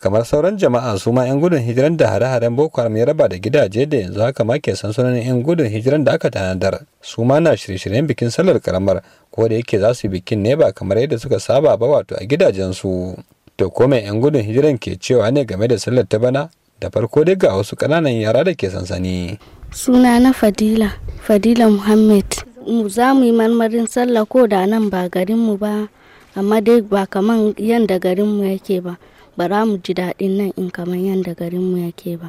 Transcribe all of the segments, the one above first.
kamar sauran jama'a su ma 'yan gudun hijiran da hare-haren boko haram ya raba da gidaje da yanzu haka ma ke sansanonin 'yan gudun hijiran da aka tanadar su ma na shirye-shiryen bikin sallar karamar ko da yake za su bikin ne ba kamar yadda suka saba ba wato a gidajensu to ko mai 'yan gudun hijiran ke cewa ne game da sallar ta bana da farko dai ga wasu kananan yara da ke sansani suna na fadila fadila muhammed mu za mu yi marmarin sallah ko da nan ba garinmu ba amma dai ba kaman yadda garinmu yake ba ba za mu ji daɗin nan in kamar yadda garinmu yake ba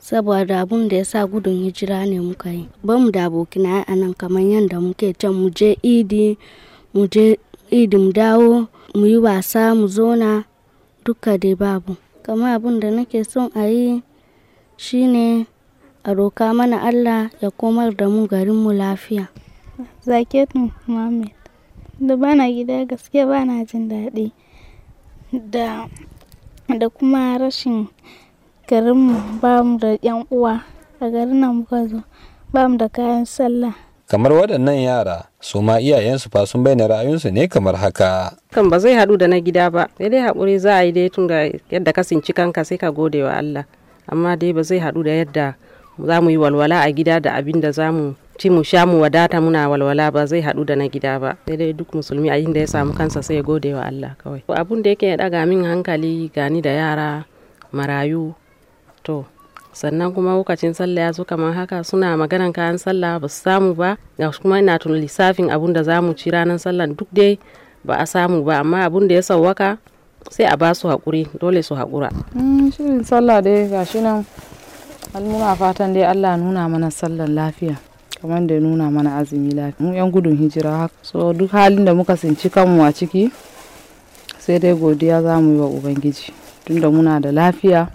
saboda abun da ya sa gudun hijira ne muka yi ba mu da abokina a nan kamar yadda muke can mu je idi mu je idi mu dawo mu yi wasa mu zona duka dai babu kamar abun da nake son a yi shine a roka mana allah ya komar da mu garinmu lafiya zaketu muhammed da bana gida gaske bana jin daɗi da da kuma rashin garinmu ba mu da 'yan uwa a garin nan muka zo ba mu da kayan sallah kamar waɗannan yara su ma iyayensu fa sun bayyana ra'ayinsu ne kamar haka kan ba zai haɗu da na gida ba sai dai haƙuri za a yi dai tun da yadda ka sinci kanka sai ka gode wa Allah amma dai ba zai haɗu da yadda za mu yi walwala a gida da abin da za mu ci mu sha mu wadata muna walwala ba zai haɗu da na gida ba sai dai duk musulmi a yin da ya samu kansa sai ya gode wa Allah kawai abun da yake daga min hankali gani da yara marayu to sannan kuma lokacin sallah ya zo kamar haka suna maganan kayan sallah ba su samu ba ga kuma ina tun lissafin abun da za ci ranar sallah duk dai ba a samu ba amma abun da ya sauwaka sai a ba su haƙuri dole su haƙura. Mm, shirin sallah dai gashi nan muna fatan dai allah nuna mana sallar lafiya kamar da nuna mana azumi lafiya mu yan gudun hijira haka so duk halin da muka sinci kanmu a ciki sai dai godiya za mu yi wa ubangiji tunda muna da lafiya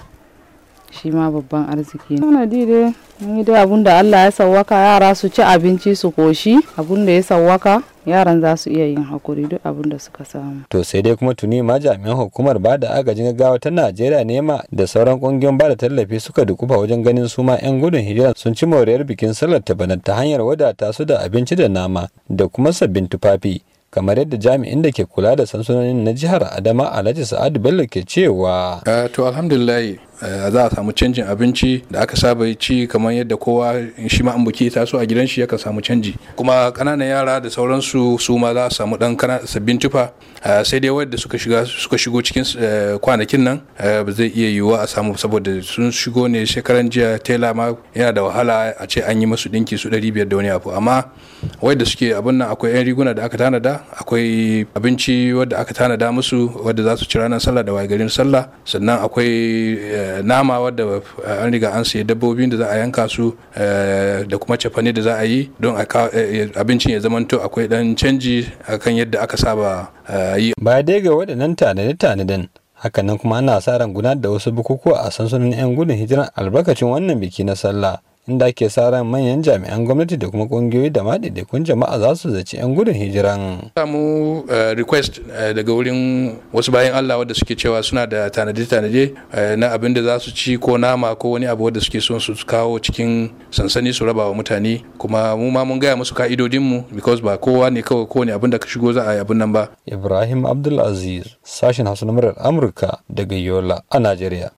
shi ma babban arziki ne Sanadi dai mun yi dai abun da Allah ya sawwaka yara su ci abinci su koshi abun da ya sawwaka yaran za su iya yin hakuri duk abin da suka samu. To sai dai kuma tuni ma jami'an hukumar ba da agajin gaggawa ta Najeriya nema da sauran kungiyoyin ba da tallafi suka dukufa wajen ganin su ma 'yan gudun hijira sun ci moriyar bikin sallar ta bana ta hanyar wadata su da abinci da nama da kuma sabbin tufafi. kamar yadda jami'in da ke kula da sansunonin na jihar adama alhaji sa'adu bello ke cewa eh, to alhamdulillah Eh, za a samu canjin abinci da aka saba ci kamar yadda kowa shi ma an buki so a gidan shi yakan samu canji kuma kananan yara da sauransu su ma za a samu dan sabbin tufa eh, sai dai wadda suka shiga suka shigo cikin eh, kwanakin nan ba zai iya yiwuwa a samu saboda sun shigo ne shekaran jiya tela ma yana da wahala a ce an yi masu dinki su 500 da wani abu amma wadda suke abin nan akwai yan riguna da aka tanada akwai abinci wadda aka tanada musu wadda za su ci ranar sallah da wagarin sallah sannan akwai Eh, nama wadda eh, an riga an sayi dabbobin da za a yanka su eh, da kuma cefane da za a yi don abincin ya zama to akwai dan canji akan yadda aka saba yi ba dai ga waɗannan tanade-tanaden hakanan kuma ana sa ran gudanar da wasu bukukuwa a sansanin 'yan gudun hijiran albarkacin wannan biki na sallah inda ake sa ran manyan jami'an gwamnati da kuma kungiyoyi da ma jama'a za su zaci 'yan gudun hijiran. samu eh, request eh, daga wurin wasu bayan allah wadda suke cewa suna da tanade-tanade eh, na abin da za su ci ko nama ko wani abu wadda suke son su kawo cikin sansani su raba wa mutane kuma mu ma mun gaya musu ka'idodin mu because ba kowa ne kawai kowane abin da ka shigo za a yi abin nan ba. ibrahim abdulaziz sashen hausa na murar amurka daga yola a nigeria.